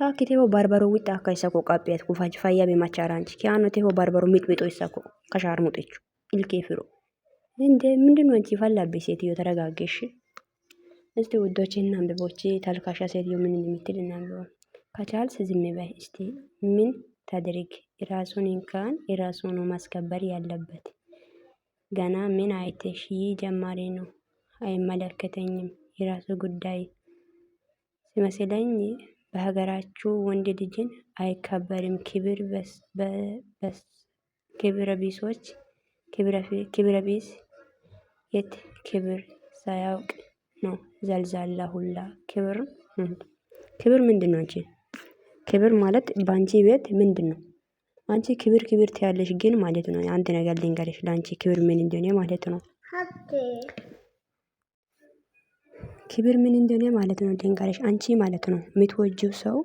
Taakki teho barbaro witti akka isa koo qapheet kun fayyaa bemachaaraanchi kiyaano teho barbaro mixmixoo isa koo kashaarmuxo jechuudha ilkee firoo እንዴ ምንድን ነው እንጂ ፈላቤ ሴትዮ ተረጋገሽ። እስቲ ውዶቼ እናንብ ቦቼ ታልካሻ ሴትዮ ምን እንደምትል እናንብ። ከቻልስ ዝም በይ እስቲ ምን ተድርግ። ራሱን እንኳን የራሱ ነው ማስከበር ያለበት። ገና ምን አይተሽ? ይህ ጀማሪ ነው አይመለከተኝም። የራሱ ጉዳይ ሲመስለኝ በሀገራችሁ ወንድ ልጅን አይከበርም። ክብረ ቢሶች ክብረ ቢስ የት ክብር ሳያውቅ ነው ዘልዛላ ሁላ ክብር ክብር ምንድን ነው? እንጂ ክብር ማለት በአንቺ ቤት ምንድን ነው? አንቺ ክብር ክብር ትያለሽ፣ ግን ማለት ነው አንድ ነገር ልንገርሽ፣ ለአንቺ ክብር ምን እንደሆነ ማለት ነው። ክብር ምን እንደሆነ ማለት ነው ድንጋርሽ አንቺ ማለት ነው የምትወጂው ሰው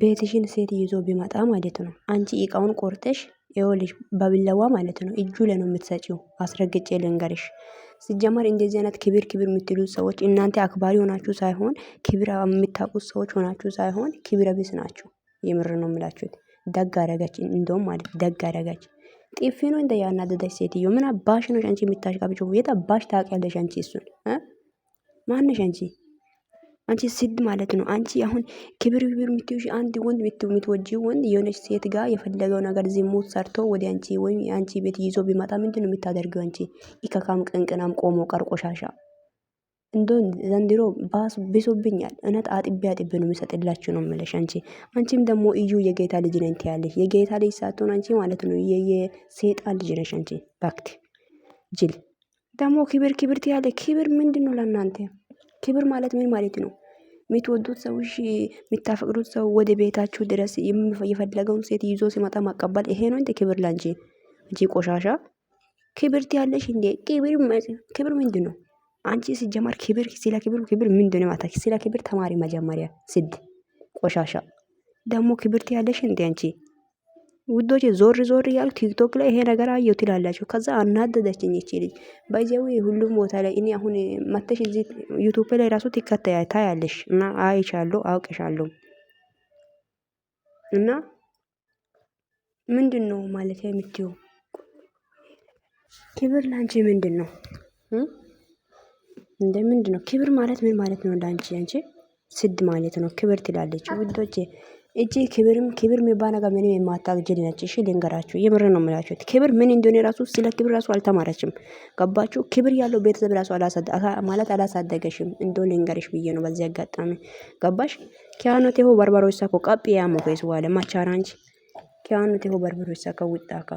ቤትሽን ሴት ይዞ ቢመጣ ማለት ነው አንቺ እቃውን ቆርጠሽ ይኸውልሽ በብለዋ ማለት ነው እጁ ላይ ነው የምትሰጪው። አስረግጬ ልንገርሽ። ሲጀመር እንደዚህ አይነት ክብር ክብር የምትሉ ሰዎች እናንተ አክባሪ ሆናችሁ ሳይሆን ክብር የምታውቁት ሰዎች ሆናችሁ ሳይሆን ክብረ ቢስ ናችሁ። የምር ነው የምላችሁት። ደግ አረጋች እንደውም ማለት ደግ አረጋች። ጥፊ ነው እንደ ያናደዳች ሴትዮ ምን አባሽ ነው አንቺ የምታሽቃብጭው? የት አባሽ ታውቂያለሽ አንቺ እሱን ማንሽ አንቺ? አንቺ ሲድ ማለት ነው። አንቺ አሁን ክብር ክብር የምትይው አንድ ወንድ የምትወጂ ወንድ የሆነች ሴት ጋር የፈለገው ነገር ዝሙት ሰርቶ ወደ አንቺ ወይም የአንቺ ቤት ይዞ ቢመጣ ምንድን ነው የምታደርገው? አንቺ ይከካም ቅንቅናም ቆሞ ቀርቆሻሻ እንዶ ዘንድሮ ባስ ብሶብኛል። እውነት አጥቤ አጥቤ ነው የሚሰጥላችሁ ነው የምልሽ። አንቺ አንቺም ደግሞ እዩ የጌታ ልጅ ነኝ ትያለሽ። የጌታ ልጅ ሳትሆን አንቺ ማለት ነው የሰይጣን ልጅ ነሽ አንቺ ባክት ጅል ደግሞ ክብር ክብር ትያለ። ክብር ምንድነው? ለእናንተ ክብር ማለት ምን ማለት ነው? የምትወዱት ሰው እሺ፣ የምታፈቅዱት ሰው ወደ ቤታችሁ ድረስ የፈለገውን ሴት ይዞ ሲመጣ ማቀባል ይሄ ነው እንደ ክብር ላንቺ። እንጂ ቆሻሻ ክብር ትያለሽ እንዴ? ክብር ክብር ነው አንቺ ሲጀመር ክብር ስለ ክብር ክብር ምንድነው? ማታ ስለ ክብር ተማሪ መጀመሪያ ስድ ቆሻሻ ደግሞ ክብር ትያለሽ እንዴ አንቺ ውዶች ዞር ዞር እያሉ ቲክቶክ ላይ ይሄ ነገር አየሁ ትላላችሁ። ከዛ አናደደችኝ እቺ ልጅ ባይዘው ሁሉም ቦታ ላይ እኔ አሁን መተሽ እዚህ ዩቱብ ላይ ራሱ ትከታያ ታያለሽ እና አይቻለሁ አውቅሻለሁ እና ምንድን ነው ማለት የምትዩ ክብር ለአንቺ ምንድን ነው እንደ ምንድን ነው ክብር ማለት ምን ማለት ነው? እንዳንቺ አንቺ ስድ ማለት ነው ክብር ትላለች ውዶቼ እቺ ክብርም ክብር የሚባል ነገር ምንም የማታውቅ ጅል ነች። እሺ ልንገራችሁ፣ የምር ነው የምላችሁት። ክብር ምን እንደሆነ ራሱ ስለ ክብር ራሱ አልተማረችም። ገባችሁ? ክብር ያለው ቤተሰብ ራሱ ማለት አላሳደገሽም። እንደ ልንገርሽ ብዬ ነው በዚህ አጋጣሚ። ገባሽ? ኪያኖት ሆ በርበሮች ሳኮ ቀጵ ያሞኮይስ ዋለ ማቻራንች ኪያኖት ሆ በርበሮች ሳኮ ውጣካ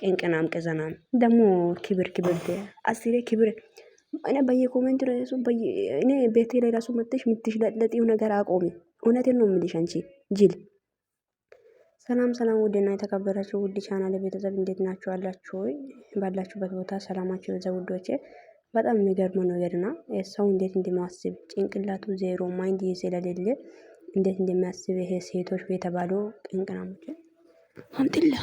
ቅንቅናም ቅዘናም ደግሞ ክብር ክብር አስሬ ክብር እኔ በየኮሜንት ራሱ እኔ ቤቴ ላይ ራሱ መጥተሽ የምትሽለጥለጪው ነገር አቆሚ። እውነቴን ነው የምልሽ አንቺ ጅል። ሰላም ሰላም፣ ውድና የተከበራችሁ ውድ ቻናል ቤተሰብ እንዴት ናችሁ? አላችሁ ባላችሁበት ቦታ ሰላማችሁ በዛ ውዶቼ። በጣም ነገር ነገርና ሰው እንዴት እንደማስብ ጭንቅላቱ ዜሮ ማይንድ ስለሌለ እንዴት እንደሚያስብ ይሄ ሴቶች የተባሉ ቅንቅናሞች አምጥቼ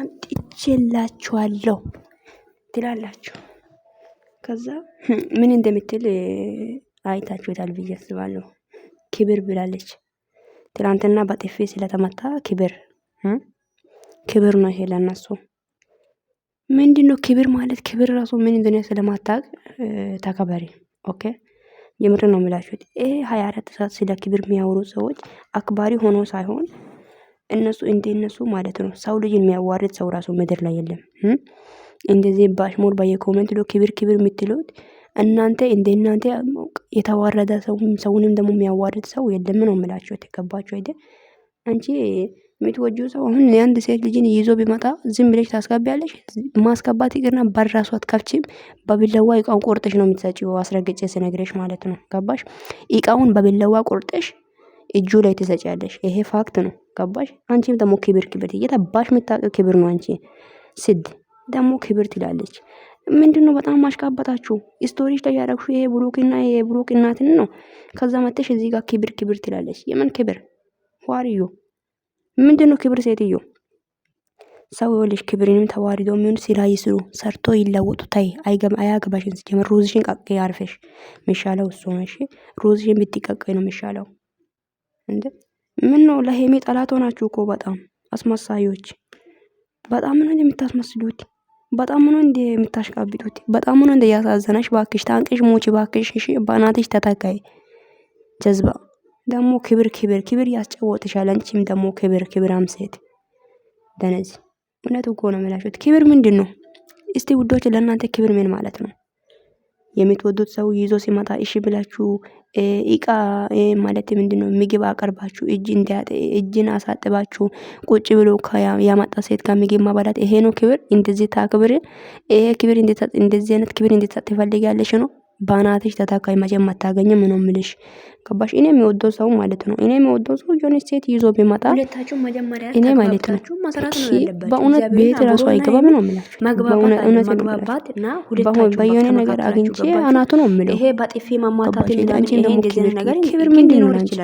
አምጥቼላችኋለሁ ትላላችሁ። ከዛ ምን እንደምትል አይታችሁታል ብዬ አስባለሁ። ክብር ብላለች። ትላንትና በጥፊ ስለተመታ ክብር ክብር ነው ይሄ ለእነሱ ምንድን ነው ክብር ማለት? ክብር ራሱ ምን እንደሆነ ስለማታቅ ተከበሪ። ኦኬ የምር ነው የሚላችሁት ይሄ ሀያ አራት ሰዓት ስለ ክብር የሚያወሩ ሰዎች አክባሪ ሆኖ ሳይሆን እነሱ እንደ እነሱ ማለት ነው። ሰው ልጅ የሚያዋርድ ሰው ራሱ ምድር ላይ የለም። እንደዚህ ባሽሙር በየኮሜንት ዶ ክብር ክብር የምትሉት እናንተ እንደ እናንተ የተዋረደ ሰው ሰውንም ደግሞ የሚያዋርድ ሰው የለም ነው የምላቸው። የተገባቸው አይደል? አንቺ የምትወጁ ሰው አሁን ለአንድ ሴት ልጅን ይዞ ቢመጣ ዝም ብለሽ ታስገቢያለሽ? ማስገባት ይቅርና በራሱ አትከፍችም። በቢላዋ እቃውን ቆርጠሽ ነው የምትሰጪው። አስረግጬ ስነግረሽ ማለት ነው። ገባሽ? እቃውን በቢላዋ ቆርጠሽ እጁ ላይ ትሰጪያለሽ። ይሄ ፋክት ነው። ገባሽ? አንቺም ደግሞ ክብር ክብር እየተባሽ የምታውቂው ክብር ነው አንቺ ስድ ደግሞ ክብር ትላለች። ምንድነው በጣም አሽቃባጣችሁ ስቶሪች ላይ ያደረግሽው ይሄ ብሩክና ይሄ ብሩክ እናትን ነው። ከዛ መተሽ እዚህ ጋር ክብር ክብር ትላለች። የምን ክብር ዋርዮ ምንድነው ክብር? ሴትዮ ሰው ወልሽ ክብርንም ተዋሪዶ ምን ስራ ይስሩ ሰርቶ ይለወጡ። ታይ አይገም አያገባሽን ሲጀምር ሩዝሽን ቀቅ ያርፈሽ ሚሻለው እሱ ነው። እሺ ሩዝሽን ብትቀቅ ነው ሚሻለው። እንዴ ምን ነው ለሄሜ ጠላት ሆናችሁ እኮ በጣም አስመሳዮች፣ በጣም ነው የምታስመስሉት። በጣም ነው እንዴ የምታሽቃብጡት? በጣም ነው እንዴ ያሳዘነሽ? ባክሽ ታንቅሽ ሞች ባክሽ። እሺ በእናትሽ ተተካይ ጀዝባ ደግሞ ክብር ክብር ክብር ያስጨወጥሻል። አንቺም ደግሞ ክብር ክብር አምሴት ደነዚ እውነት እኮ ነው የምላችሁት። ክብር ምንድን ነው እስቲ ውዶች? ለእናንተ ክብር ምን ማለት ነው? የምትወዱት ሰው ይዞ ሲመጣ እሺ ብላችሁ እቃ ማለት ነው ምግብ አቀርባችሁ እጅ እጅን አሳጥባችሁ ቁጭ ብሎ ያመጣ ሴት ጋር ምግብ ማባላት ይሄ ነው ክብር። እንደዚህ ታክብር። ይሄ ክብር እንደዚህ አይነት ክብር እንድትሰጥ ትፈልጊያለሽ ነው። ባናትሽ ተታካይ መቼም አታገኝም ነው ምልሽ። ገባሽ? እኔ የሚወደው ሰው ማለት ነው። እኔ የሚወደው ሰው የሆነ ሴት ይዞ ቢመጣ እኔ ማለት ነው በእውነት ቤት ራሱ አይገባም ነው የምላቸው። በየሆነ ነገር አግኝቼ አናቱ ነው የምለው። ክብር ምንድን ነው ክብር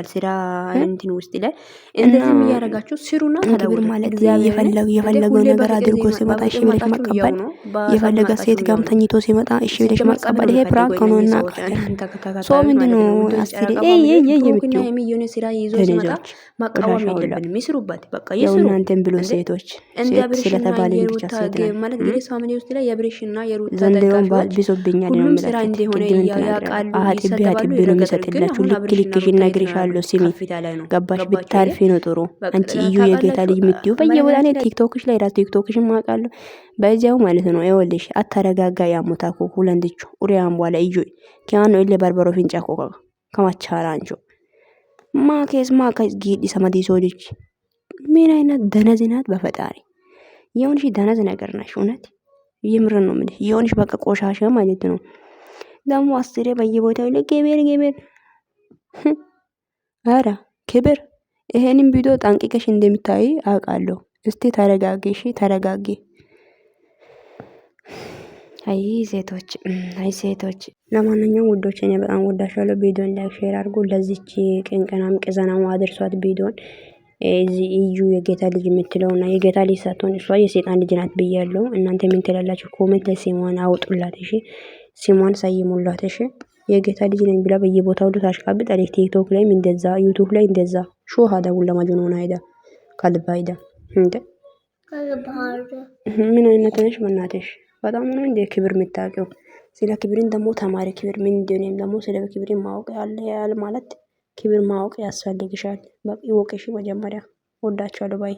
ማለት? የፈለገው ነገር አድርጎ ሲመጣ እሺ ብለሽ መቀበል፣ የፈለገ ሴት ጋም ተኝቶ ሲመጣ እሺ ብለሽ መቀበል። ይሄ ፕራንክ ከሆነና ሶ ምንድነው አስሪ ኤይ ብሎ ሴቶች ስለተባለ ብቻ ነው የሚሰጥላችሁ። ልክ ስሚ ገባሽ ብታልፊ ነው ጥሩ። አንቺ እዩ የጌታ ልጅ የምትዩ በየቦታ ቲክቶክሽ ላይ ራሱ ቲክቶክሽን ማውቃለሁ በዚያው ማለት ነው። ይኸውልሽ አታረጋጋ ሁለንድቹ በኋላ biyyu keanu illee barbaroo fincaa koo qaba. ከማቻላን ጆ ማኬስ ማከስ ጊዲስ አማዲ ሰዎች ምን አይነት ደነዝ ናት! በፈጣሪ የሆንሽ ደነዝ ነገር ነሽ። እውነት የምር ነው የምልሽ። የሆንሽ በቃ ቆሻሻ ማለት ነው። ደግሞ አስሬ በየቦታው ላይ ገበር ገበር። አረ ክብር! ይሄንን ቪዲዮ ጠንቅቀሽ እንደሚታይ አውቃለሁ። እስቲ ተረጋጊ፣ ተረጋጊ። አይ ሴቶች አይ ሴቶች ለማንኛውም ውዶች እኔ በጣም ወዳሻለሁ። ቪዲዮን ላይክ ሼር አድርጉ። ለዚች ቅንቅናም ቅዘናም አድርሷት። ቪዲዮን እዚህ እዩ የጌታ ልጅ የምትለው እና የጌታ ልጅ ሳትሆን እሷ የሴጣን ልጅ ናት ብያለሁ። እናንተ የምንትላላቸው ትላላችሁ? ኮሜንት ላይ ስሟን አውጡላት እሺ፣ ሲሞን ሳይሙላት እሺ። የጌታ ልጅ ነኝ ብላ በየቦታ ሁሉ ታሽቃብጥ አለች። ቲክቶክ ላይም እንደዛ፣ ዩቱብ ላይ እንደዛ። ሹ ሀዳ ቡላ ማጅኑን ሆና ሄዳ ከልባ እንደ ምን አይነት ነሽ? በእናትሽ በጣም ነው እንደ ክብር የምታውቀው። ስለ ክብርን ደግሞ ተማሪ ክብር ምን እንደሆነ ደግሞ ስለ ክብርን ማወቅ ያለ ያለ ማለት ክብር ማወቅ ያስፈልግሻል። በቂ ወቅሽ መጀመሪያ እወዳችኋለሁ ባይ